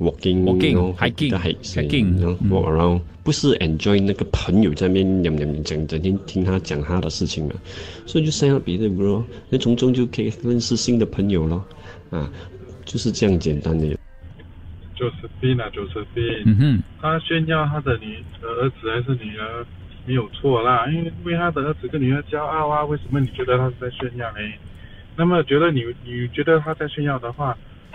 walking，哦，行行，walk around，嗯、不是 enjoy 那個朋友在邊聊聊，聊，聊，聊，聊，整整天聽他講他的事情嘛，所以就善用別人咯，你從中就可以認識新的朋友咯，啊，就是這樣簡單的。就是邊啦，就是邊，他炫耀他的女兒子還是女兒，沒有錯啦，因為為他的兒子跟女兒驕傲啊，為什麼你覺得他是在炫耀呢？那麼覺得你你覺得他在炫耀的話？